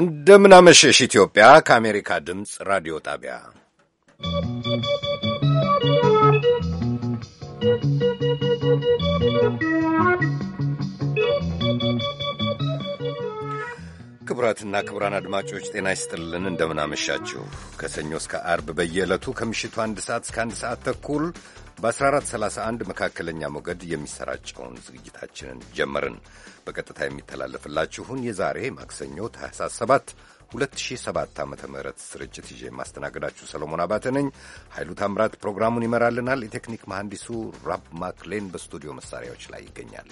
እንደምናመሸሽ ኢትዮጵያ ከአሜሪካ ድምፅ ራዲዮ ጣቢያ ክቡራትና ክቡራን አድማጮች ጤና ይስጥልን። እንደምናመሻችሁ ከሰኞ እስከ አርብ በየዕለቱ ከምሽቱ አንድ ሰዓት እስከ አንድ ሰዓት ተኩል በ1431 መካከለኛ ሞገድ የሚሰራጨውን ዝግጅታችንን ጀመርን። በቀጥታ የሚተላለፍላችሁን የዛሬ ማክሰኞ ታህሳስ 7 2007 ዓ ም ስርጭት ይዤ የማስተናገዳችሁ ሰለሞን አባተ ነኝ። ኃይሉ ታምራት ፕሮግራሙን ይመራልናል። የቴክኒክ መሐንዲሱ ራብ ማክሌን በስቱዲዮ መሳሪያዎች ላይ ይገኛል።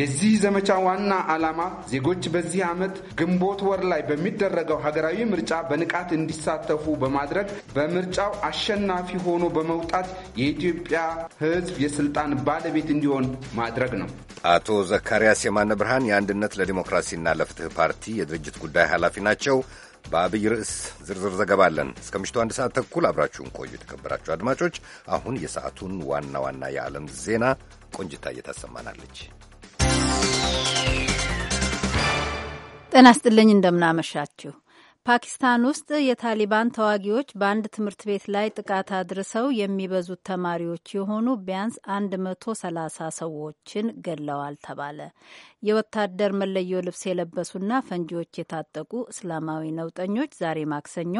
የዚህ ዘመቻ ዋና ዓላማ ዜጎች በዚህ ዓመት ግንቦት ወር ላይ በሚደረገው ሀገራዊ ምርጫ በንቃት እንዲሳተፉ በማድረግ በምርጫው አሸናፊ ሆኖ በመውጣት የኢትዮጵያ ሕዝብ የስልጣን ባለቤት እንዲሆን ማድረግ ነው። አቶ ዘካርያስ የማነ ብርሃን የአንድነት ለዲሞክራሲና ለፍትህ ፓርቲ የድርጅት ጉዳይ ኃላፊ ናቸው። በአብይ ርዕስ ዝርዝር ዘገባ አለን። እስከ ምሽቱ አንድ ሰዓት ተኩል አብራችሁን ቆዩ። የተከበራችሁ አድማጮች፣ አሁን የሰዓቱን ዋና ዋና የዓለም ዜና ቆንጅታ እየታሰማናለች። ጤና ስጥልኝ እንደምናመሻችሁ። ፓኪስታን ውስጥ የታሊባን ተዋጊዎች በአንድ ትምህርት ቤት ላይ ጥቃት አድርሰው የሚበዙት ተማሪዎች የሆኑ ቢያንስ 130 ሰዎችን ገለዋል ተባለ። የወታደር መለዮ ልብስ የለበሱና ፈንጂዎች የታጠቁ እስላማዊ ነውጠኞች ዛሬ ማክሰኞ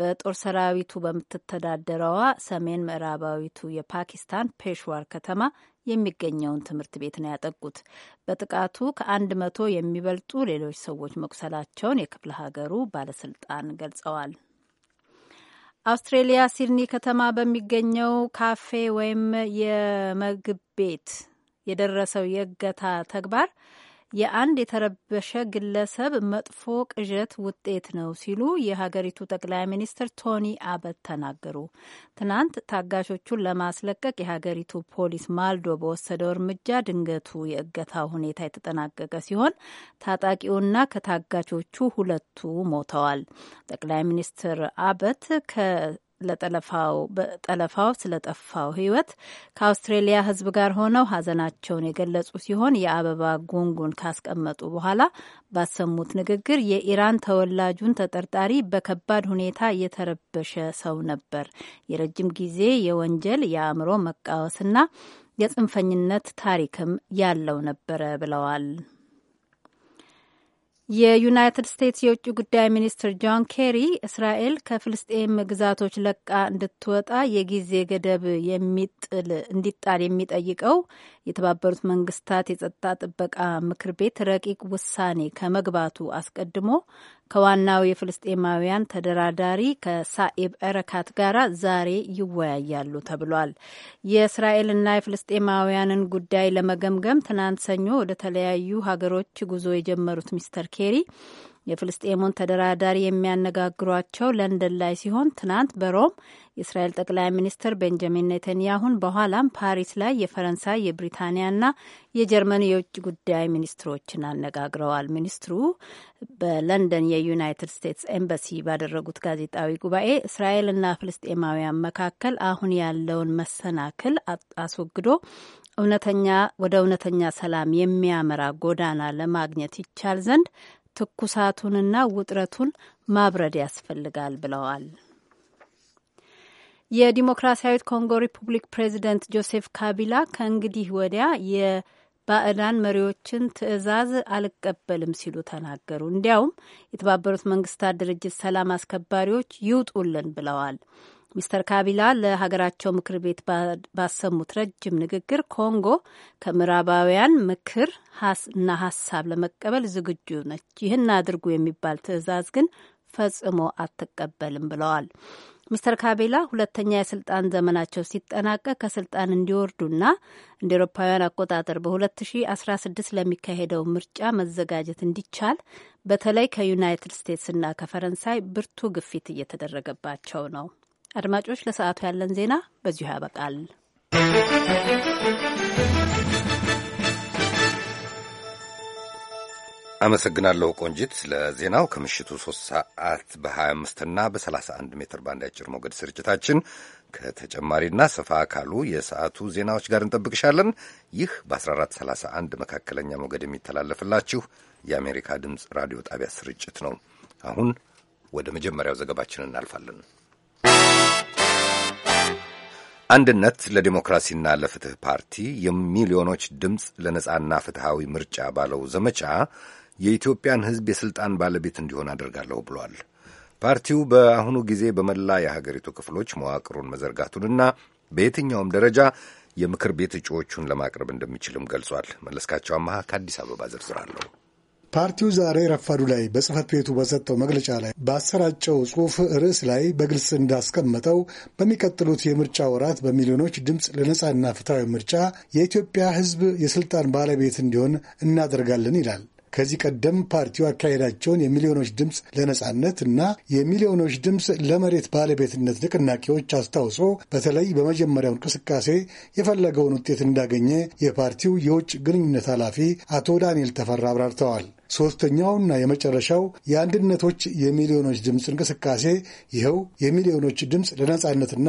በጦር ሰራዊቱ በምትተዳደረዋ ሰሜን ምዕራባዊቱ የፓኪስታን ፔሽዋር ከተማ የሚገኘውን ትምህርት ቤት ነው ያጠቁት። በጥቃቱ ከአንድ መቶ የሚበልጡ ሌሎች ሰዎች መቁሰላቸውን የክፍለ ሀገሩ ባለስልጣን ገልጸዋል። አውስትሬሊያ ሲድኒ ከተማ በሚገኘው ካፌ ወይም የምግብ ቤት የደረሰው የእገታ ተግባር የአንድ የተረበሸ ግለሰብ መጥፎ ቅዠት ውጤት ነው ሲሉ የሀገሪቱ ጠቅላይ ሚኒስትር ቶኒ አበት ተናገሩ። ትናንት ታጋሾቹን ለማስለቀቅ የሀገሪቱ ፖሊስ ማልዶ በወሰደው እርምጃ ድንገቱ የእገታ ሁኔታ የተጠናቀቀ ሲሆን ታጣቂውና ከታጋቾቹ ሁለቱ ሞተዋል። ጠቅላይ ሚኒስትር አበት ከ ለጠለፋው በጠለፋው ስለጠፋው ህይወት ከአውስትሬሊያ ህዝብ ጋር ሆነው ሀዘናቸውን የገለጹ ሲሆን የአበባ ጉንጉን ካስቀመጡ በኋላ ባሰሙት ንግግር የኢራን ተወላጁን ተጠርጣሪ በከባድ ሁኔታ የተረበሸ ሰው ነበር። የረጅም ጊዜ የወንጀል የአእምሮ መቃወስና የጽንፈኝነት ታሪክም ያለው ነበረ ብለዋል። የዩናይትድ ስቴትስ የውጭ ጉዳይ ሚኒስትር ጆን ኬሪ እስራኤል ከፍልስጤም ግዛቶች ለቃ እንድትወጣ የጊዜ ገደብ የሚጥል እንዲጣል የሚጠይቀው የተባበሩት መንግስታት የጸጥታ ጥበቃ ምክር ቤት ረቂቅ ውሳኔ ከመግባቱ አስቀድሞ ከዋናው የፍልስጤማውያን ተደራዳሪ ከሳኤብ እረካት ጋር ዛሬ ይወያያሉ ተብሏል። የእስራኤልና የፍልስጤማውያንን ጉዳይ ለመገምገም ትናንት ሰኞ ወደ ተለያዩ ሀገሮች ጉዞ የጀመሩት ሚስተር ኬሪ የፍልስጤሙን ተደራዳሪ የሚያነጋግሯቸው ለንደን ላይ ሲሆን ትናንት በሮም የእስራኤል ጠቅላይ ሚኒስትር ቤንጃሚን ኔተንያሁን በኋላም ፓሪስ ላይ የፈረንሳይ የብሪታንያና የጀርመን የውጭ ጉዳይ ሚኒስትሮችን አነጋግረዋል። ሚኒስትሩ በለንደን የዩናይትድ ስቴትስ ኤምባሲ ባደረጉት ጋዜጣዊ ጉባኤ እስራኤልና ፍልስጤማውያን መካከል አሁን ያለውን መሰናክል አስወግዶ እውነተኛ ወደ እውነተኛ ሰላም የሚያመራ ጎዳና ለማግኘት ይቻል ዘንድ ትኩሳቱንና ውጥረቱን ማብረድ ያስፈልጋል ብለዋል። የዲሞክራሲያዊት ኮንጎ ሪፑብሊክ ፕሬዚደንት ጆሴፍ ካቢላ ከእንግዲህ ወዲያ የባዕዳን መሪዎችን ትዕዛዝ አልቀበልም ሲሉ ተናገሩ። እንዲያውም የተባበሩት መንግስታት ድርጅት ሰላም አስከባሪዎች ይውጡልን ብለዋል። ሚስተር ካቢላ ለሀገራቸው ምክር ቤት ባሰሙት ረጅም ንግግር ኮንጎ ከምዕራባውያን ምክር እና ሀሳብ ለመቀበል ዝግጁ ነች፣ ይህን አድርጉ የሚባል ትዕዛዝ ግን ፈጽሞ አትቀበልም ብለዋል። ሚስተር ካቢላ ሁለተኛ የስልጣን ዘመናቸው ሲጠናቀቅ ከስልጣን እንዲወርዱና እንደ ኤሮፓውያን አቆጣጠር በ2016 ለሚካሄደው ምርጫ መዘጋጀት እንዲቻል በተለይ ከዩናይትድ ስቴትስና ከፈረንሳይ ብርቱ ግፊት እየተደረገባቸው ነው። አድማጮች፣ ለሰዓቱ ያለን ዜና በዚሁ ያበቃል። አመሰግናለሁ ቆንጂት ለዜናው። ከምሽቱ 3 ሰዓት በ25 እና በ31 ሜትር ባንድ አጭር ሞገድ ስርጭታችን ከተጨማሪና ሰፋ ካሉ የሰዓቱ ዜናዎች ጋር እንጠብቅሻለን። ይህ በ1431 መካከለኛ ሞገድ የሚተላለፍላችሁ የአሜሪካ ድምፅ ራዲዮ ጣቢያ ስርጭት ነው። አሁን ወደ መጀመሪያው ዘገባችን እናልፋለን። አንድነት ለዲሞክራሲና ለፍትህ ፓርቲ የሚሊዮኖች ድምፅ ለነጻና ፍትሐዊ ምርጫ ባለው ዘመቻ የኢትዮጵያን ሕዝብ የሥልጣን ባለቤት እንዲሆን አደርጋለሁ ብሏል። ፓርቲው በአሁኑ ጊዜ በመላ የሀገሪቱ ክፍሎች መዋቅሩን መዘርጋቱንና በየትኛውም ደረጃ የምክር ቤት እጩዎቹን ለማቅረብ እንደሚችልም ገልጿል። መለስካቸው አመሃ ከአዲስ አበባ ዝርዝር አለው። ፓርቲው ዛሬ ረፋዱ ላይ በጽህፈት ቤቱ በሰጠው መግለጫ ላይ ባሰራጨው ጽሑፍ ርዕስ ላይ በግልጽ እንዳስቀመጠው በሚቀጥሉት የምርጫ ወራት በሚሊዮኖች ድምፅ ለነጻና ፍትሐዊ ምርጫ የኢትዮጵያ ሕዝብ የስልጣን ባለቤት እንዲሆን እናደርጋለን ይላል። ከዚህ ቀደም ፓርቲው አካሄዳቸውን የሚሊዮኖች ድምፅ ለነጻነት እና የሚሊዮኖች ድምፅ ለመሬት ባለቤትነት ንቅናቄዎች አስታውሶ በተለይ በመጀመሪያው እንቅስቃሴ የፈለገውን ውጤት እንዳገኘ የፓርቲው የውጭ ግንኙነት ኃላፊ አቶ ዳንኤል ተፈራ አብራርተዋል። ሶስተኛውና የመጨረሻው የአንድነቶች የሚሊዮኖች ድምፅ እንቅስቃሴ ይኸው የሚሊዮኖች ድምፅ ለነጻነትና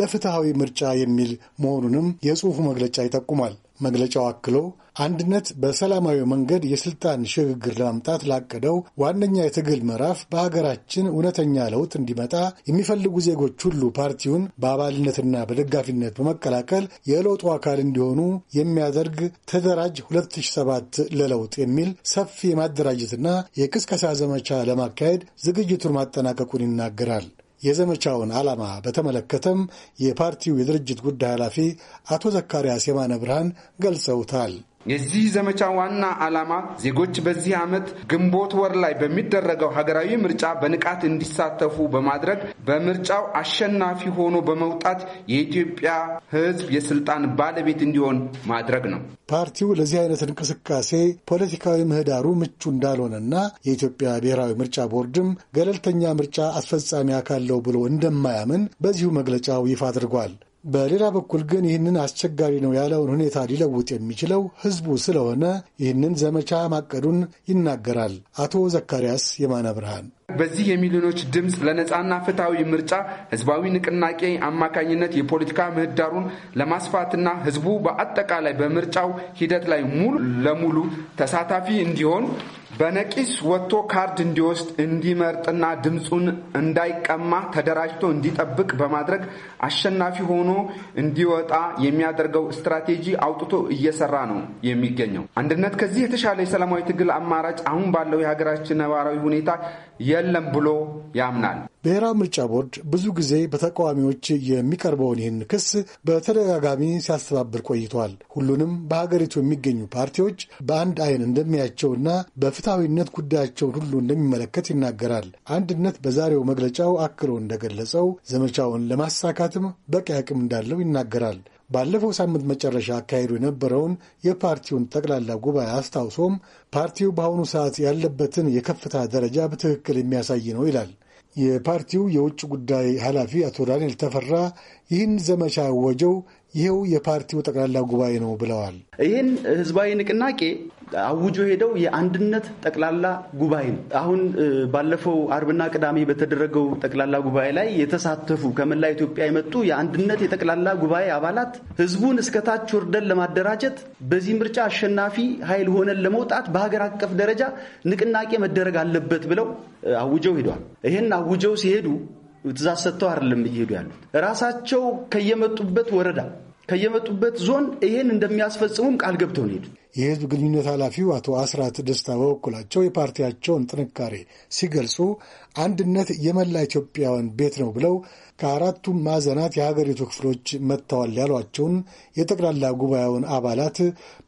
ለፍትሐዊ ምርጫ የሚል መሆኑንም የጽሑፉ መግለጫ ይጠቁማል። መግለጫው አክሎ አንድነት በሰላማዊ መንገድ የስልጣን ሽግግር ለማምጣት ላቀደው ዋነኛ የትግል ምዕራፍ በሀገራችን እውነተኛ ለውጥ እንዲመጣ የሚፈልጉ ዜጎች ሁሉ ፓርቲውን በአባልነትና በደጋፊነት በመቀላቀል የለውጡ አካል እንዲሆኑ የሚያደርግ ተደራጅ 2007 ለለውጥ የሚል ሰፊ የማደራጀትና የቅስቀሳ ዘመቻ ለማካሄድ ዝግጅቱን ማጠናቀቁን ይናገራል። የዘመቻውን ዓላማ በተመለከተም የፓርቲው የድርጅት ጉዳይ ኃላፊ አቶ ዘካርያስ የማነ ብርሃን ገልጸውታል። የዚህ ዘመቻ ዋና ዓላማ ዜጎች በዚህ ዓመት ግንቦት ወር ላይ በሚደረገው ሀገራዊ ምርጫ በንቃት እንዲሳተፉ በማድረግ በምርጫው አሸናፊ ሆኖ በመውጣት የኢትዮጵያ ሕዝብ የስልጣን ባለቤት እንዲሆን ማድረግ ነው። ፓርቲው ለዚህ አይነት እንቅስቃሴ ፖለቲካዊ ምህዳሩ ምቹ እንዳልሆነና የኢትዮጵያ ብሔራዊ ምርጫ ቦርድም ገለልተኛ ምርጫ አስፈጻሚ አካል ብሎ እንደማያምን በዚሁ መግለጫው ይፋ አድርጓል። በሌላ በኩል ግን ይህንን አስቸጋሪ ነው ያለውን ሁኔታ ሊለውጥ የሚችለው ህዝቡ ስለሆነ ይህንን ዘመቻ ማቀዱን ይናገራል አቶ ዘካርያስ የማነ ብርሃን። በዚህ የሚሊዮኖች ድምፅ ለነፃና ፍትሐዊ ምርጫ ህዝባዊ ንቅናቄ አማካኝነት የፖለቲካ ምህዳሩን ለማስፋትና ህዝቡ በአጠቃላይ በምርጫው ሂደት ላይ ሙሉ ለሙሉ ተሳታፊ እንዲሆን በነቂስ ወጥቶ ካርድ እንዲወስድ እንዲመርጥና ድምፁን እንዳይቀማ ተደራጅቶ እንዲጠብቅ በማድረግ አሸናፊ ሆኖ እንዲወጣ የሚያደርገው ስትራቴጂ አውጥቶ እየሰራ ነው የሚገኘው። አንድነት ከዚህ የተሻለ የሰላማዊ ትግል አማራጭ አሁን ባለው የሀገራችን ነባራዊ ሁኔታ የለም ብሎ ያምናል። ብሔራዊ ምርጫ ቦርድ ብዙ ጊዜ በተቃዋሚዎች የሚቀርበውን ይህን ክስ በተደጋጋሚ ሲያስተባብል ቆይቷል። ሁሉንም በሀገሪቱ የሚገኙ ፓርቲዎች በአንድ ዓይን እንደሚያቸውና በፍትሐዊነት ጉዳያቸውን ሁሉ እንደሚመለከት ይናገራል። አንድነት በዛሬው መግለጫው አክሎ እንደገለጸው ዘመቻውን ለማሳካትም በቂ አቅም እንዳለው ይናገራል። ባለፈው ሳምንት መጨረሻ አካሄዱ የነበረውን የፓርቲውን ጠቅላላ ጉባኤ አስታውሶም ፓርቲው በአሁኑ ሰዓት ያለበትን የከፍታ ደረጃ በትክክል የሚያሳይ ነው ይላል። የፓርቲው የውጭ ጉዳይ ኃላፊ አቶ ዳንኤል ተፈራ ይህን ዘመቻ ያወጀው ይኸው የፓርቲው ጠቅላላ ጉባኤ ነው ብለዋል። ይህን ህዝባዊ ንቅናቄ አውጆ ሄደው የአንድነት ጠቅላላ ጉባኤ ነው። አሁን ባለፈው አርብና ቅዳሜ በተደረገው ጠቅላላ ጉባኤ ላይ የተሳተፉ ከመላ ኢትዮጵያ የመጡ የአንድነት የጠቅላላ ጉባኤ አባላት ህዝቡን እስከታች ወርደን ለማደራጀት በዚህ ምርጫ አሸናፊ ኃይል ሆነን ለመውጣት በሀገር አቀፍ ደረጃ ንቅናቄ መደረግ አለበት ብለው አውጀው ሄደዋል። ይህን አውጀው ሲሄዱ ትእዛዝ ሰጥተው አይደለም እየሄዱ ያሉት። ራሳቸው ከየመጡበት ወረዳ ከየመጡበት ዞን ይሄን እንደሚያስፈጽሙም ቃል ገብተው ነው የሄዱት። የህዝብ ግንኙነት ኃላፊው አቶ አስራት ደስታ በበኩላቸው የፓርቲያቸውን ጥንካሬ ሲገልጹ አንድነት የመላ ኢትዮጵያውያን ቤት ነው ብለው ከአራቱም ማዕዘናት የሀገሪቱ ክፍሎች መጥተዋል ያሏቸውን የጠቅላላ ጉባኤውን አባላት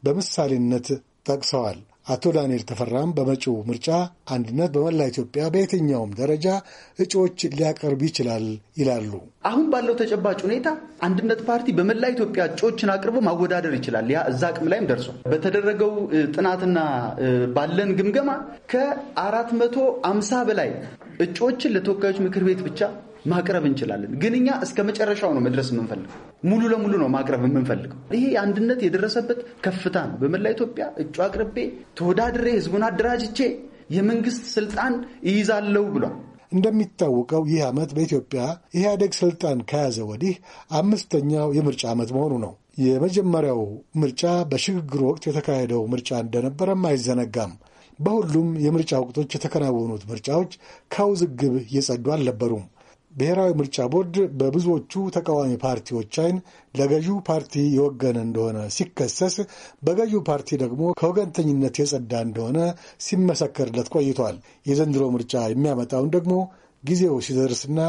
በምሳሌነት ጠቅሰዋል። አቶ ዳንኤል ተፈራም በመጪው ምርጫ አንድነት በመላ ኢትዮጵያ በየትኛውም ደረጃ እጩዎች ሊያቀርብ ይችላል ይላሉ። አሁን ባለው ተጨባጭ ሁኔታ አንድነት ፓርቲ በመላ ኢትዮጵያ እጩዎችን አቅርቦ ማወዳደር ይችላል። ያ እዛ አቅም ላይም ደርሷል። በተደረገው ጥናትና ባለን ግምገማ ከአራት መቶ አምሳ በላይ እጩዎችን ለተወካዮች ምክር ቤት ብቻ ማቅረብ እንችላለን። ግን እኛ እስከ መጨረሻው ነው መድረስ የምንፈልገው፣ ሙሉ ለሙሉ ነው ማቅረብ የምንፈልገው። ይሄ አንድነት የደረሰበት ከፍታ ነው። በመላ ኢትዮጵያ እጩ አቅርቤ ተወዳድሬ ህዝቡን አደራጅቼ የመንግስት ስልጣን እይዛለሁ ብሏል። እንደሚታወቀው ይህ ዓመት በኢትዮጵያ ኢህአዴግ ስልጣን ከያዘ ወዲህ አምስተኛው የምርጫ ዓመት መሆኑ ነው። የመጀመሪያው ምርጫ በሽግግር ወቅት የተካሄደው ምርጫ እንደነበረም አይዘነጋም። በሁሉም የምርጫ ወቅቶች የተከናወኑት ምርጫዎች ከውዝግብ እየጸዱ አልነበሩም። ብሔራዊ ምርጫ ቦርድ በብዙዎቹ ተቃዋሚ ፓርቲዎች አይን ለገዢው ፓርቲ የወገነ እንደሆነ ሲከሰስ፣ በገዢው ፓርቲ ደግሞ ከወገንተኝነት የጸዳ እንደሆነ ሲመሰከርለት ቆይቷል። የዘንድሮ ምርጫ የሚያመጣውን ደግሞ ጊዜው ሲደርስና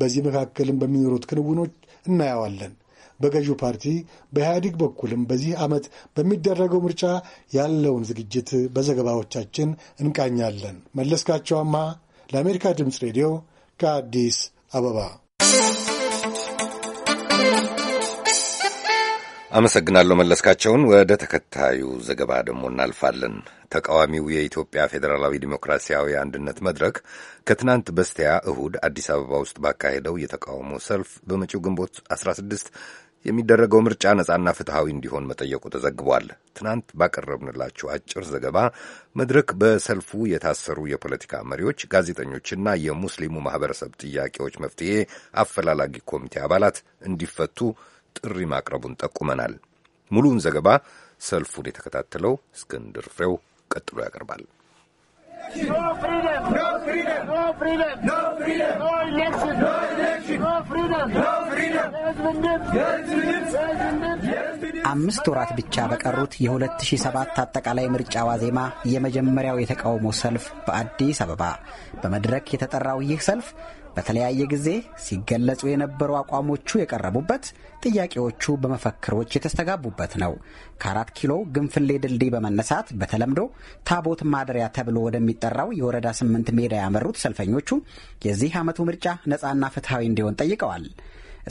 በዚህ መካከልም በሚኖሩት ክንውኖች እናየዋለን። በገዢው ፓርቲ በኢህአዲግ በኩልም በዚህ ዓመት በሚደረገው ምርጫ ያለውን ዝግጅት በዘገባዎቻችን እንቃኛለን። መለስካቸው አምሃ ለአሜሪካ ድምፅ ሬዲዮ ከአዲስ አበባ። አመሰግናለሁ መለስካቸውን። ወደ ተከታዩ ዘገባ ደግሞ እናልፋለን። ተቃዋሚው የኢትዮጵያ ፌዴራላዊ ዲሞክራሲያዊ አንድነት መድረክ ከትናንት በስቲያ እሁድ አዲስ አበባ ውስጥ ባካሄደው የተቃውሞ ሰልፍ በመጪው ግንቦት 16 የሚደረገው ምርጫ ነጻና ፍትሐዊ እንዲሆን መጠየቁ ተዘግቧል። ትናንት ባቀረብንላችሁ አጭር ዘገባ መድረክ በሰልፉ የታሰሩ የፖለቲካ መሪዎች፣ ጋዜጠኞችና የሙስሊሙ ማህበረሰብ ጥያቄዎች መፍትሄ አፈላላጊ ኮሚቴ አባላት እንዲፈቱ ጥሪ ማቅረቡን ጠቁመናል። ሙሉውን ዘገባ ሰልፉን የተከታተለው እስክንድር ፍሬው ቀጥሎ ያቀርባል። አምስት ወራት ብቻ በቀሩት የ2007 አጠቃላይ ምርጫዋ ዜማ የመጀመሪያው የተቃውሞ ሰልፍ በአዲስ አበባ በመድረክ የተጠራው ይህ ሰልፍ በተለያየ ጊዜ ሲገለጹ የነበሩ አቋሞቹ የቀረቡበት፣ ጥያቄዎቹ በመፈክሮች የተስተጋቡበት ነው። ከአራት ኪሎ ግንፍሌ ድልድይ በመነሳት በተለምዶ ታቦት ማደሪያ ተብሎ ወደሚጠራው የወረዳ ስምንት ሜዳ ያመሩት ሰልፈኞቹ የዚህ ዓመቱ ምርጫ ነፃና ፍትሐዊ እንዲሆን ጠይቀዋል።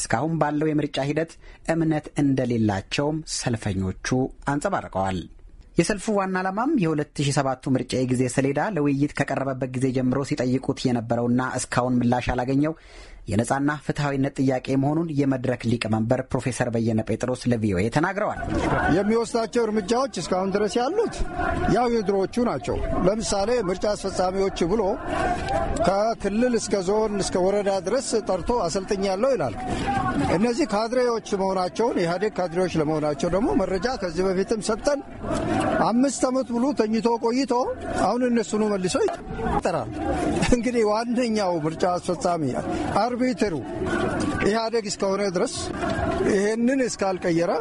እስካሁን ባለው የምርጫ ሂደት እምነት እንደሌላቸውም ሰልፈኞቹ አንጸባርቀዋል። የሰልፉ ዋና ዓላማም የ2007ቱ ምርጫ የጊዜ ሰሌዳ ለውይይት ከቀረበበት ጊዜ ጀምሮ ሲጠይቁት የነበረውና እስካሁን ምላሽ አላገኘው። የነጻና ፍትሐዊነት ጥያቄ መሆኑን የመድረክ ሊቀመንበር ፕሮፌሰር በየነ ጴጥሮስ ለቪኦኤ ተናግረዋል። የሚወስዳቸው እርምጃዎች እስካሁን ድረስ ያሉት ያው የድሮዎቹ ናቸው። ለምሳሌ ምርጫ አስፈጻሚዎች ብሎ ከክልል እስከ ዞን እስከ ወረዳ ድረስ ጠርቶ ያለው ይላል። እነዚህ ካድሬዎች መሆናቸውን ኢህአዴግ ካድሬዎች ለመሆናቸው ደግሞ መረጃ ከዚህ በፊትም ሰጠን። አምስት ዓመት ብሎ ተኝቶ ቆይቶ አሁን እነሱኑ መልሶ ይጠራል። እንግዲህ ዋነኛው ምርጫ አስፈጻሚ አርቢትሩ ኢህአዴግ እስከሆነ ድረስ ይህንን እስካልቀየረ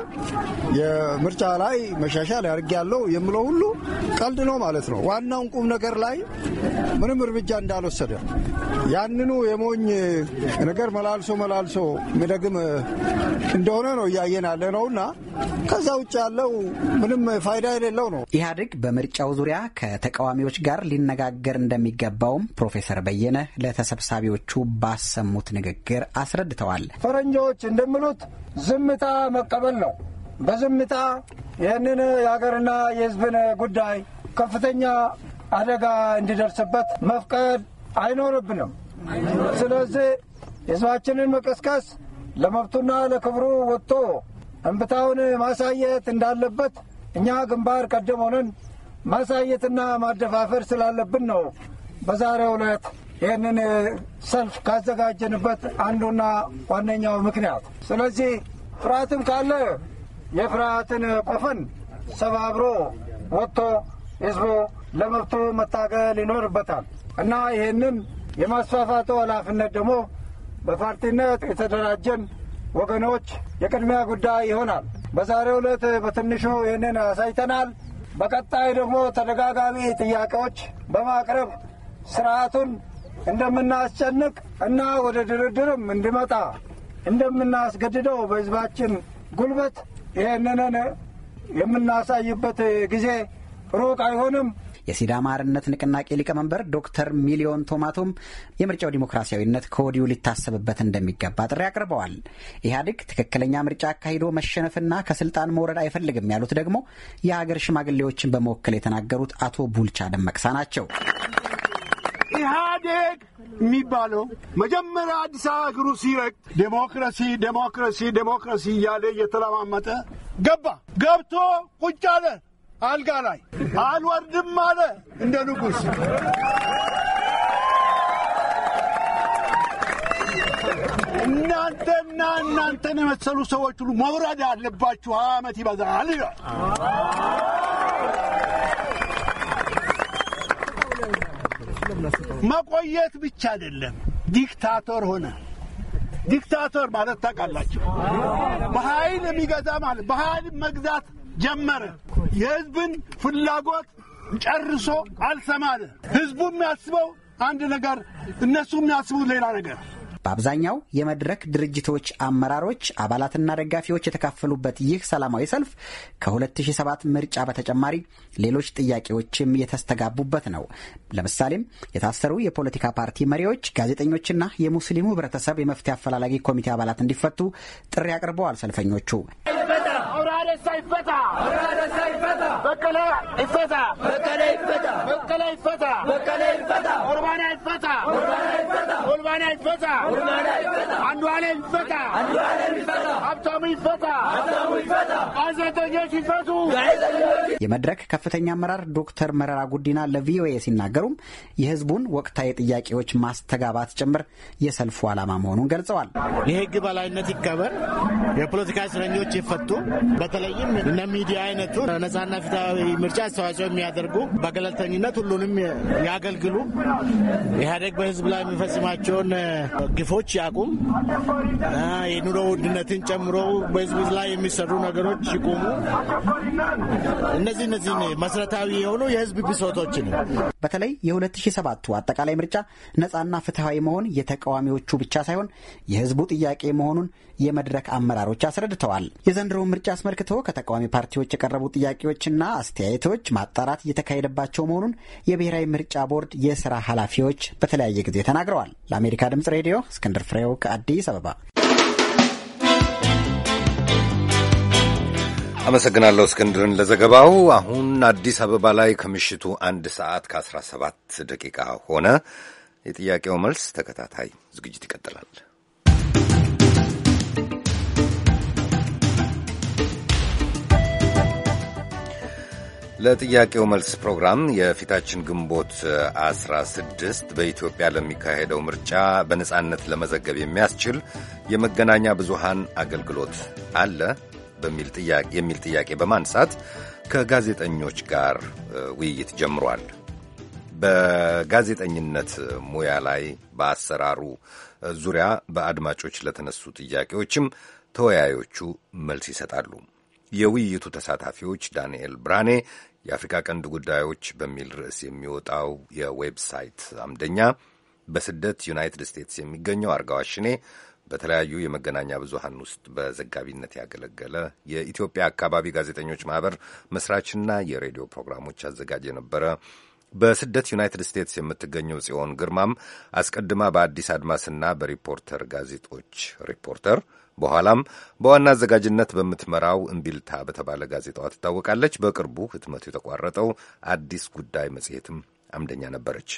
የምርጫ ላይ መሻሻል ያርግ ያለው የምለው ሁሉ ቀልድ ነው ማለት ነው። ዋናውን ቁም ነገር ላይ ምንም እርምጃ እንዳልወሰደ ያንኑ የሞኝ ነገር መላልሶ መላልሶ የሚደግም እንደሆነ ነው እያየን ያለ እና ከዛ ውጭ ያለው ምንም ፋይዳ የሌለው ነው። ኢህአዴግ በምርጫው ዙሪያ ከተቃዋሚዎች ጋር ሊነጋገር እንደሚገባውም ፕሮፌሰር በየነ ለተሰብሳቢዎቹ ባሰሙ በሰሙት ንግግር አስረድተዋል። ፈረንጆች እንደሚሉት ዝምታ መቀበል ነው። በዝምታ ይህንን የሀገርና የሕዝብን ጉዳይ ከፍተኛ አደጋ እንዲደርስበት መፍቀድ አይኖርብንም። ስለዚህ ሕዝባችንን መቀስቀስ ለመብቱና ለክብሩ ወጥቶ እምብታውን ማሳየት እንዳለበት እኛ ግንባር ቀደም ሆነን ማሳየትና ማደፋፈር ስላለብን ነው በዛሬው ዕለት ይህንን ሰልፍ ካዘጋጀንበት አንዱና ዋነኛው ምክንያት። ስለዚህ ፍርሃትም ካለ የፍርሃትን ቆፈን ሰባብሮ ወጥቶ ህዝቡ ለመብቱ መታገል ይኖርበታል እና ይህንን የማስፋፋቱ ኃላፊነት ደግሞ በፓርቲነት የተደራጀን ወገኖች የቅድሚያ ጉዳይ ይሆናል። በዛሬው ዕለት በትንሹ ይህንን አሳይተናል። በቀጣይ ደግሞ ተደጋጋሚ ጥያቄዎች በማቅረብ ስርዓቱን እንደምናስጨንቅ እና ወደ ድርድርም እንዲመጣ እንደምናስገድደው በህዝባችን ጉልበት ይህንን የምናሳይበት ጊዜ ሩቅ አይሆንም። የሲዳማ አርነት ንቅናቄ ሊቀመንበር ዶክተር ሚሊዮን ቶማቶም የምርጫው ዲሞክራሲያዊነት ከወዲሁ ሊታሰብበት እንደሚገባ ጥሪ አቅርበዋል። ኢህአዴግ ትክክለኛ ምርጫ አካሂዶ መሸነፍና ከስልጣን መውረድ አይፈልግም ያሉት ደግሞ የሀገር ሽማግሌዎችን በመወከል የተናገሩት አቶ ቡልቻ ደመቅሳ ናቸው። ኢህአዴግ የሚባለው መጀመሪያ አዲስ አበባ እግሩ ሲረግጥ ዴሞክራሲ ዴሞክራሲ ዴሞክራሲ እያለ እየተለማመጠ ገባ። ገብቶ ቁጭ አለ አልጋ ላይ አልወርድም አለ እንደ ንጉሥ። እናንተና እናንተን የመሰሉ ሰዎች ሁሉ መውረድ አለባችሁ። ዓመት ይበዛል። መቆየት ብቻ አይደለም፣ ዲክታቶር ሆነ። ዲክታቶር ማለት ታውቃላችሁ፣ በኃይል የሚገዛ ማለት በኃይል መግዛት ጀመረ። የህዝብን ፍላጎት ጨርሶ አልሰማለ። ህዝቡ የሚያስበው አንድ ነገር፣ እነሱ የሚያስቡት ሌላ ነገር በአብዛኛው የመድረክ ድርጅቶች አመራሮች፣ አባላትና ደጋፊዎች የተካፈሉበት ይህ ሰላማዊ ሰልፍ ከ2007 ምርጫ በተጨማሪ ሌሎች ጥያቄዎችም የተስተጋቡበት ነው። ለምሳሌም የታሰሩ የፖለቲካ ፓርቲ መሪዎች፣ ጋዜጠኞችና የሙስሊሙ ህብረተሰብ የመፍትሄ አፈላላጊ ኮሚቴ አባላት እንዲፈቱ ጥሪ አቅርበዋል ሰልፈኞቹ። بكلا السيفتة بكلا السيفتة بكلا الفتى بكلا الفتى بكلا الفتى بكلا الفتى قربان الفتى قربان الفتى قربان الفتى قربان الفتى عنوان الفتى عنوان الفتى ይፈታ፣ ጋዜጠኞች ይፈቱ። የመድረክ ከፍተኛ አመራር ዶክተር መረራ ጉዲና ለቪኦኤ ሲናገሩም የህዝቡን ወቅታዊ ጥያቄዎች ማስተጋባት ጭምር የሰልፉ ዓላማ መሆኑን ገልጸዋል። የህግ በላይነት ይከበር፣ የፖለቲካ እስረኞች ይፈቱ፣ በተለይም እነ ሚዲያ አይነቱ ነጻና ፊታዊ ምርጫ አስተዋጽኦ የሚያደርጉ በገለልተኝነት ሁሉንም ያገልግሉ፣ ኢህአዴግ በህዝብ ላይ የሚፈጽማቸውን ግፎች ያቁም፣ የኑሮ ውድነትን ጨምሮ በህዝብ ላይ የሚሰሩ ነገሮች ይቁሙ። እነዚህ እነዚህ መሰረታዊ የሆኑ የህዝብ ነው። በተለይ የ2007ቱ አጠቃላይ ምርጫ ነፃና ፍትሐዊ መሆን የተቃዋሚዎቹ ብቻ ሳይሆን የህዝቡ ጥያቄ መሆኑን የመድረክ አመራሮች አስረድተዋል። የዘንድሮውን ምርጫ አስመልክቶ ከተቃዋሚ ፓርቲዎች የቀረቡ ጥያቄዎችና አስተያየቶች ማጣራት እየተካሄደባቸው መሆኑን የብሔራዊ ምርጫ ቦርድ የስራ ኃላፊዎች በተለያየ ጊዜ ተናግረዋል። ለአሜሪካ ድምጽ ሬዲዮ እስክንድር ፍሬው ከአዲስ አበባ አመሰግናለሁ እስክንድርን ለዘገባው። አሁን አዲስ አበባ ላይ ከምሽቱ አንድ ሰዓት ከ17 ደቂቃ ሆነ። የጥያቄው መልስ ተከታታይ ዝግጅት ይቀጥላል። ለጥያቄው መልስ ፕሮግራም የፊታችን ግንቦት 16 በኢትዮጵያ ለሚካሄደው ምርጫ በነጻነት ለመዘገብ የሚያስችል የመገናኛ ብዙሃን አገልግሎት አለ የሚል ጥያቄ በማንሳት ከጋዜጠኞች ጋር ውይይት ጀምሯል። በጋዜጠኝነት ሙያ ላይ በአሰራሩ ዙሪያ በአድማጮች ለተነሱ ጥያቄዎችም ተወያዮቹ መልስ ይሰጣሉ። የውይይቱ ተሳታፊዎች ዳንኤል ብርሃኔ የአፍሪካ ቀንድ ጉዳዮች በሚል ርዕስ የሚወጣው የዌብሳይት አምደኛ፣ በስደት ዩናይትድ ስቴትስ የሚገኘው አርጋዋሽኔ በተለያዩ የመገናኛ ብዙሃን ውስጥ በዘጋቢነት ያገለገለ የኢትዮጵያ አካባቢ ጋዜጠኞች ማህበር መስራችና የሬዲዮ ፕሮግራሞች አዘጋጅ የነበረ በስደት ዩናይትድ ስቴትስ የምትገኘው ጽዮን ግርማም አስቀድማ በአዲስ አድማስና በሪፖርተር ጋዜጦች ሪፖርተር በኋላም በዋና አዘጋጅነት በምትመራው እምቢልታ በተባለ ጋዜጣዋ ትታወቃለች። በቅርቡ ህትመቱ የተቋረጠው አዲስ ጉዳይ መጽሔትም አምደኛ ነበረች።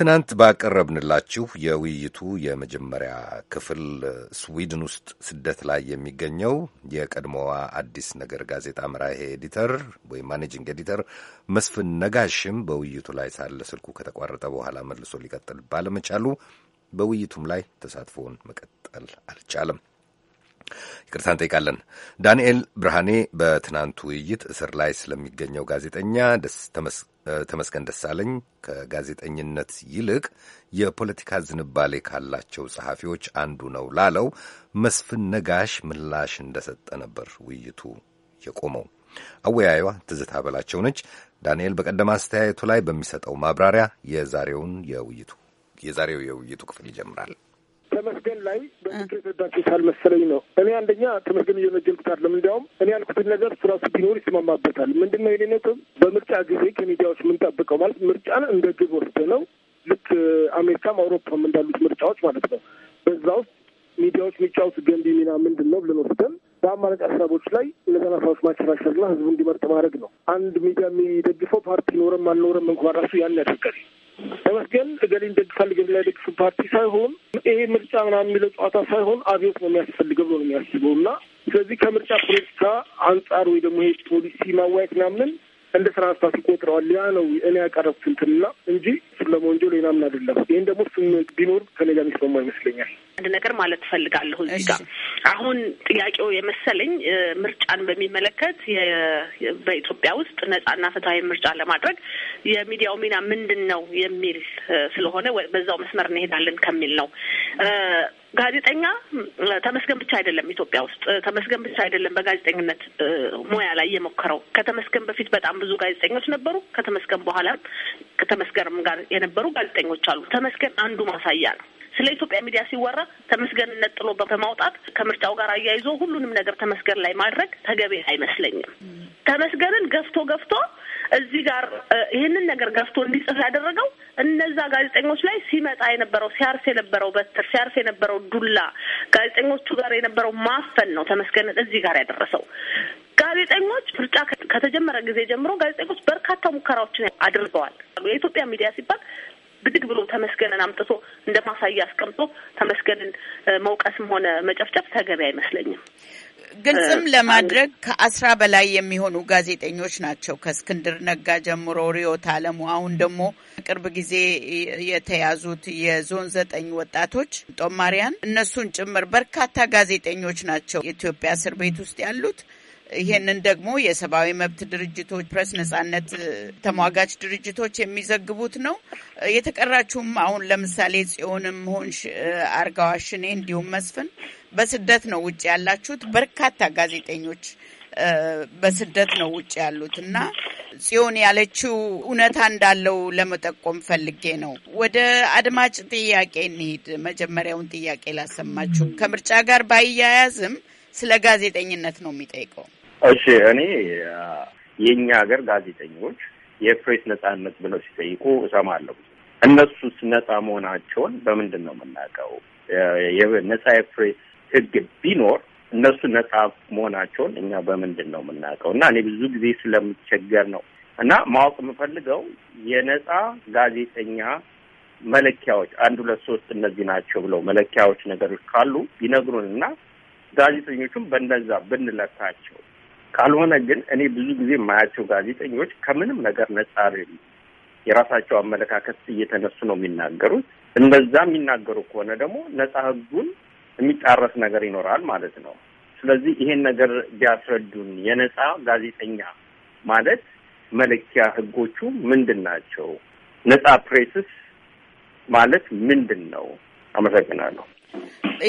ትናንት ባቀረብንላችሁ የውይይቱ የመጀመሪያ ክፍል ስዊድን ውስጥ ስደት ላይ የሚገኘው የቀድሞዋ አዲስ ነገር ጋዜጣ መራሄ ኤዲተር ወይም ማኔጂንግ ኤዲተር መስፍን ነጋሽም በውይይቱ ላይ ሳለ ስልኩ ከተቋረጠ በኋላ መልሶ ሊቀጥል ባለመቻሉ በውይይቱም ላይ ተሳትፎውን መቀጠል አልቻለም። ይቅርታ እንጠይቃለን። ዳንኤል ብርሃኔ በትናንቱ ውይይት እስር ላይ ስለሚገኘው ጋዜጠኛ ተመስገን ደሳለኝ ከጋዜጠኝነት ይልቅ የፖለቲካ ዝንባሌ ካላቸው ጸሐፊዎች አንዱ ነው ላለው መስፍን ነጋሽ ምላሽ እንደሰጠ ነበር ውይይቱ የቆመው። አወያዩዋ ትዝታ በላቸው ነች። ዳንኤል በቀደመ አስተያየቱ ላይ በሚሰጠው ማብራሪያ የዛሬውን የውይይቱ የዛሬው የውይይቱ ክፍል ይጀምራል። ተመስገን ላይ በምክር የተወዳቸው ሳልመሰለኝ ነው። እኔ አንደኛ ተመስገን እየወነጀልኩት አለም እንዲያውም እኔ ያልኩትን ነገር እሱ ራሱ ቢኖር ይስማማበታል። ምንድን ነው የኔ በምርጫ ጊዜ ከሚዲያዎች የምንጠብቀው ማለት ምርጫን እንደ ግብ ወስደ ነው ልክ አሜሪካም አውሮፓም እንዳሉት ምርጫዎች ማለት ነው። በዛ ውስጥ ሚዲያዎች የሚጫወት ገንቢ ሚና ምንድን ነው ብለን ወስደን በአማራጭ ሀሳቦች ላይ እነዛን ሀሳቦች ማሸራሸርና ህዝቡ እንዲመርጥ ማድረግ ነው። አንድ ሚዲያ የሚደግፈው ፓርቲ ኖረም አልኖረም እንኳን ራሱ ያን ያደርጋል። ተመስገን እገሌን ደግፋል እገሌ ላይ ደግፉ ፓርቲ ሳይሆን ይሄ ምርጫ ምናምን የሚለው ጨዋታ ሳይሆን አብዮት ነው የሚያስፈልገው ብሎ ነው የሚያስበው እና ስለዚህ ከምርጫ ፖለቲካ አንጻር ወይ ደግሞ ይሄ ፖሊሲ ማዋየት ምናምን እንደ ስራ ሀሳብ ይቆጥረዋል። ያ ነው እኔ ያቀረብኩት እንትና እንጂ ለመወንጀል ናምን አይደለም። ይህን ደግሞ ስሜት ቢኖር ከኔ ጋር የሚስማማ ይመስለኛል። አንድ ነገር ማለት ትፈልጋለሁ እዚህ ጋር አሁን ጥያቄው የመሰለኝ ምርጫን በሚመለከት በኢትዮጵያ ውስጥ ነጻና ፍትሀዊ ምርጫ ለማድረግ የሚዲያው ሚና ምንድን ነው የሚል ስለሆነ በዛው መስመር እንሄዳለን ከሚል ነው ጋዜጠኛ ተመስገን ብቻ አይደለም፣ ኢትዮጵያ ውስጥ ተመስገን ብቻ አይደለም በጋዜጠኝነት ሙያ ላይ የሞከረው። ከተመስገን በፊት በጣም ብዙ ጋዜጠኞች ነበሩ። ከተመስገን በኋላም ከተመስገንም ጋር የነበሩ ጋዜጠኞች አሉ። ተመስገን አንዱ ማሳያ ነው። ስለ ኢትዮጵያ ሚዲያ ሲወራ ተመስገን ነጥሎ በማውጣት ከምርጫው ጋር አያይዞ ሁሉንም ነገር ተመስገን ላይ ማድረግ ተገቢ አይመስለኝም። ተመስገንን ገፍቶ ገፍቶ እዚህ ጋር ይህንን ነገር ገፍቶ እንዲጽፍ ያደረገው እነዛ ጋዜጠኞች ላይ ሲመጣ የነበረው ሲያርፍ የነበረው በትር ሲያርፍ የነበረው ዱላ ጋዜጠኞቹ ጋር የነበረው ማፈን ነው ተመስገንን እዚህ ጋር ያደረሰው። ጋዜጠኞች ምርጫ ከተጀመረ ጊዜ ጀምሮ ጋዜጠኞች በርካታ ሙከራዎችን አድርገዋል። የኢትዮጵያ ሚዲያ ሲባል ብድግ ብሎ ተመስገንን አምጥቶ እንደ ማሳያ አስቀምጦ ተመስገንን መውቀስም ሆነ መጨፍጨፍ ተገቢ አይመስለኝም። ግልጽም ለማድረግ ከአስራ በላይ የሚሆኑ ጋዜጠኞች ናቸው ከእስክንድር ነጋ ጀምሮ ሪዮት አለሙ፣ አሁን ደግሞ ቅርብ ጊዜ የተያዙት የዞን ዘጠኝ ወጣቶች ጦማሪያን፣ እነሱን ጭምር በርካታ ጋዜጠኞች ናቸው ኢትዮጵያ እስር ቤት ውስጥ ያሉት። ይሄንን ደግሞ የሰብአዊ መብት ድርጅቶች፣ ፕሬስ ነጻነት ተሟጋች ድርጅቶች የሚዘግቡት ነው። የተቀራችሁም አሁን ለምሳሌ ጽዮንም ሆን አርጋዋሽኔ እንዲሁም መስፍን በስደት ነው ውጭ ያላችሁት። በርካታ ጋዜጠኞች በስደት ነው ውጭ ያሉት እና ጽዮን ያለችው እውነታ እንዳለው ለመጠቆም ፈልጌ ነው። ወደ አድማጭ ጥያቄ እንሂድ። መጀመሪያውን ጥያቄ ላሰማችሁ። ከምርጫ ጋር ባያያዝም ስለ ጋዜጠኝነት ነው የሚጠይቀው። እሺ እኔ የእኛ ሀገር ጋዜጠኞች የፕሬስ ነጻነት ብለው ሲጠይቁ እሰማለሁ። እነሱስ ነጻ መሆናቸውን በምንድን ነው የምናውቀው? ነጻ የፕሬስ ህግ ቢኖር እነሱ ነጻ መሆናቸውን እኛ በምንድን ነው የምናውቀው? እና እኔ ብዙ ጊዜ ስለምቸገር ነው እና ማወቅ የምፈልገው የነጻ ጋዜጠኛ መለኪያዎች አንድ ሁለት ሶስት እነዚህ ናቸው ብለው መለኪያዎች ነገሮች ካሉ ቢነግሩን እና ጋዜጠኞቹም በእነዛ ብንለካቸው ካልሆነ ግን እኔ ብዙ ጊዜ የማያቸው ጋዜጠኞች ከምንም ነገር ነጻ የራሳቸው አመለካከት እየተነሱ ነው የሚናገሩት። እንደዛ የሚናገሩ ከሆነ ደግሞ ነጻ ህጉን የሚጣረስ ነገር ይኖራል ማለት ነው። ስለዚህ ይሄን ነገር ቢያስረዱን። የነጻ ጋዜጠኛ ማለት መለኪያ ህጎቹ ምንድን ናቸው? ነጻ ፕሬስስ ማለት ምንድን ነው? አመሰግናለሁ።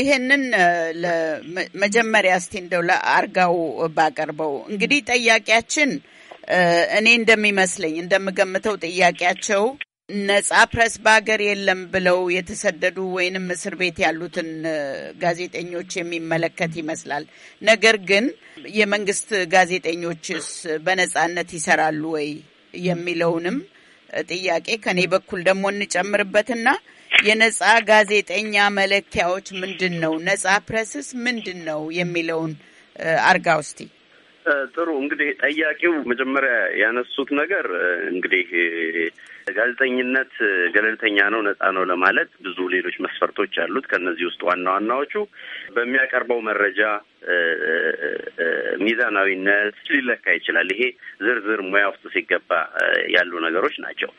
ይሄንን መጀመሪያ እስቲ እንደው ለአርጋው ባቀርበው እንግዲህ ጠያቂያችን እኔ እንደሚመስለኝ እንደምገምተው ጥያቄያቸው ነጻ ፕረስ በሀገር የለም ብለው የተሰደዱ ወይንም እስር ቤት ያሉትን ጋዜጠኞች የሚመለከት ይመስላል። ነገር ግን የመንግስት ጋዜጠኞችስ በነጻነት ይሰራሉ ወይ የሚለውንም ጥያቄ ከኔ በኩል ደግሞ እንጨምርበትና የነጻ ጋዜጠኛ መለኪያዎች ምንድን ነው? ነጻ ፕረስስ ምንድን ነው የሚለውን አርጋ ውስቲ ጥሩ እንግዲህ ጠያቂው መጀመሪያ ያነሱት ነገር እንግዲህ ጋዜጠኝነት ገለልተኛ ነው፣ ነጻ ነው ለማለት ብዙ ሌሎች መስፈርቶች አሉት። ከእነዚህ ውስጥ ዋና ዋናዎቹ በሚያቀርበው መረጃ ሚዛናዊነት ሊለካ ይችላል። ይሄ ዝርዝር ሙያ ውስጥ ሲገባ ያሉ ነገሮች ናቸው።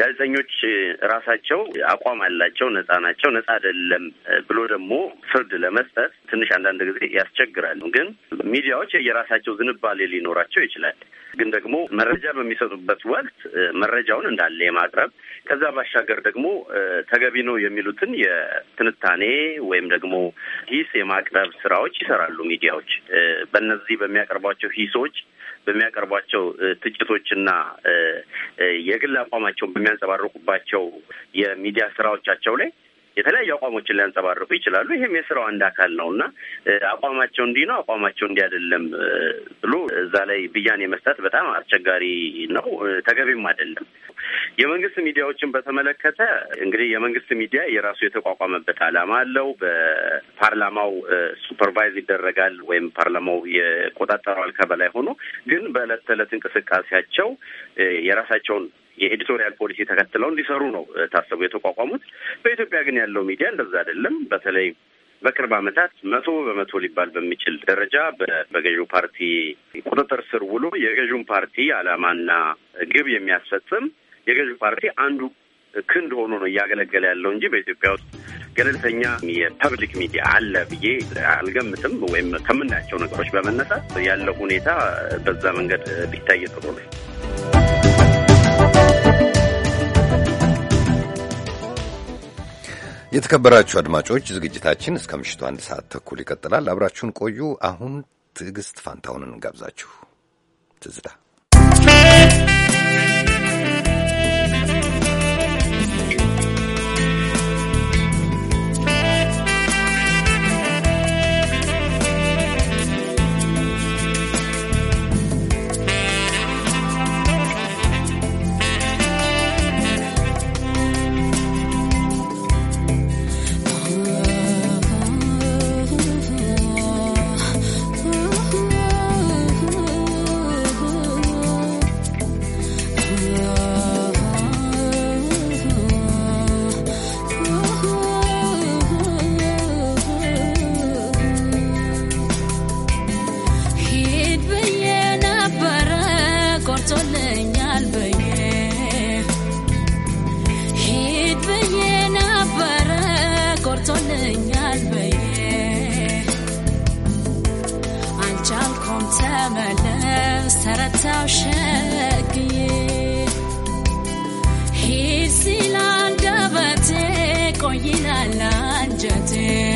ጋዜጠኞች ራሳቸው አቋም አላቸው፣ ነጻ ናቸው። ነጻ አይደለም ብሎ ደግሞ ፍርድ ለመስጠት ትንሽ አንዳንድ ጊዜ ያስቸግራሉ። ግን ሚዲያዎች የራሳቸው ዝንባሌ ሊኖራቸው ይችላል። ግን ደግሞ መረጃ በሚሰጡበት ወቅት መረጃውን እንዳለ የማቅረብ ከዛ ባሻገር ደግሞ ተገቢ ነው የሚሉትን የትንታኔ ወይም ደግሞ ሂስ የማቅረብ ስራዎች ይሰራሉ ሚዲያዎች። በነዚ በዚህ በሚያቀርቧቸው ሂሶች በሚያቀርቧቸው ትችቶችና የግል አቋማቸውን በሚያንጸባርቁባቸው የሚዲያ ስራዎቻቸው ላይ የተለያዩ አቋሞችን ሊያንጸባርቁ ይችላሉ። ይህም የስራው አንድ አካል ነው እና አቋማቸው እንዲህ ነው፣ አቋማቸው እንዲህ አይደለም ብሎ እዛ ላይ ብያኔ መስጠት በጣም አስቸጋሪ ነው፣ ተገቢም አይደለም። የመንግስት ሚዲያዎችን በተመለከተ እንግዲህ የመንግስት ሚዲያ የራሱ የተቋቋመበት ዓላማ አለው። በፓርላማው ሱፐርቫይዝ ይደረጋል ወይም ፓርላማው የቆጣጠረዋል ከበላይ ሆኖ ግን በእለት ተዕለት እንቅስቃሴያቸው የራሳቸውን የኤዲቶሪያል ፖሊሲ ተከትለው እንዲሰሩ ነው ታሰቡ የተቋቋሙት። በኢትዮጵያ ግን ያለው ሚዲያ እንደዛ አይደለም። በተለይ በቅርብ ዓመታት መቶ በመቶ ሊባል በሚችል ደረጃ በገዢው ፓርቲ ቁጥጥር ስር ውሎ የገዢውን ፓርቲ ዓላማና ግብ የሚያስፈጽም የገዢው ፓርቲ አንዱ ክንድ ሆኖ ነው እያገለገለ ያለው እንጂ በኢትዮጵያ ውስጥ ገለልተኛ የፐብሊክ ሚዲያ አለ ብዬ አልገምትም። ወይም ከምናያቸው ነገሮች በመነሳት ያለው ሁኔታ በዛ መንገድ ቢታይ ጥሩ ነው። የተከበራችሁ አድማጮች ዝግጅታችን እስከ ምሽቱ አንድ ሰዓት ተኩል ይቀጥላል። አብራችሁን ቆዩ። አሁን ትዕግስት ፋንታውንን እንጋብዛችሁ። ትዝታ He sila davate koyina lanjate.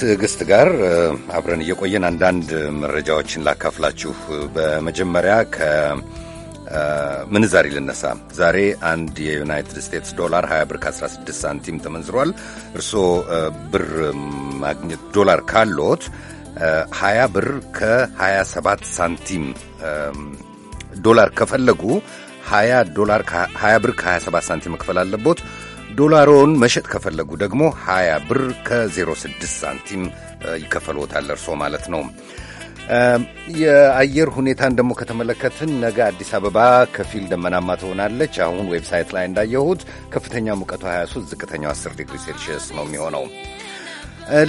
ትዕግስት ጋር አብረን እየቆየን አንዳንድ መረጃዎችን ላካፍላችሁ። በመጀመሪያ ከምንዛሪ ልነሳ። ዛሬ አንድ የዩናይትድ ስቴትስ ዶላር 20 ብር ከ16 ሳንቲም ተመንዝሯል። እርስዎ ብር ማግኘት ዶላር ካሎት 20 ብር ከ27 ሳንቲም ዶላር ከፈለጉ 20 ዶላር 20 ብር ከ27 ሳንቲም መክፈል አለቦት። ዶላሮን መሸጥ ከፈለጉ ደግሞ 20 ብር ከ06 ሳንቲም ይከፈልዎታል እርሶ ማለት ነው። የአየር ሁኔታን ደግሞ ከተመለከትን ነገ አዲስ አበባ ከፊል ደመናማ ትሆናለች። አሁን ዌብሳይት ላይ እንዳየሁት ከፍተኛ ሙቀቱ 23፣ ዝቅተኛው 10 ዲግሪ ሴልሺየስ ነው የሚሆነው።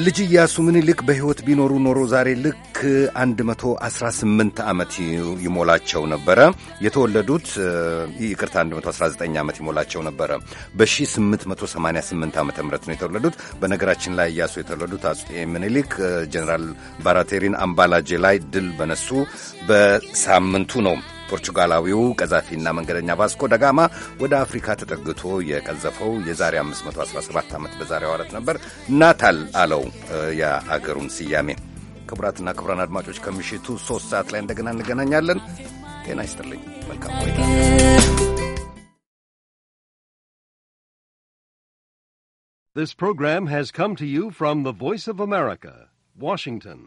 ልጅ እያሱ ምኒልክ በሕይወት ቢኖሩ ኖሮ ዛሬ ልክ 118 ዓመት ይሞላቸው ነበረ። የተወለዱት ይቅርታ 119 ዓመት ይሞላቸው ነበረ። በ1888 ዓ ም ነው የተወለዱት። በነገራችን ላይ እያሱ የተወለዱት አፄ ምኒልክ ጀኔራል ባራቴሪን አምባላጄ ላይ ድል በነሱ በሳምንቱ ነው። ፖርቹጋላዊው ቀዛፊና መንገደኛ ቫስኮ ደጋማ ወደ አፍሪካ ተጠግቶ የቀዘፈው የዛሬ 517 ዓመት በዛሬው ዕለት ነበር። ናታል አለው የአገሩን ስያሜ። ክቡራትና ክቡራን አድማጮች ከምሽቱ ሶስት ሰዓት ላይ እንደገና እንገናኛለን። ጤና ይስጥልኝ። መልካም ቆይታ። This program has come to you from the Voice of America, Washington.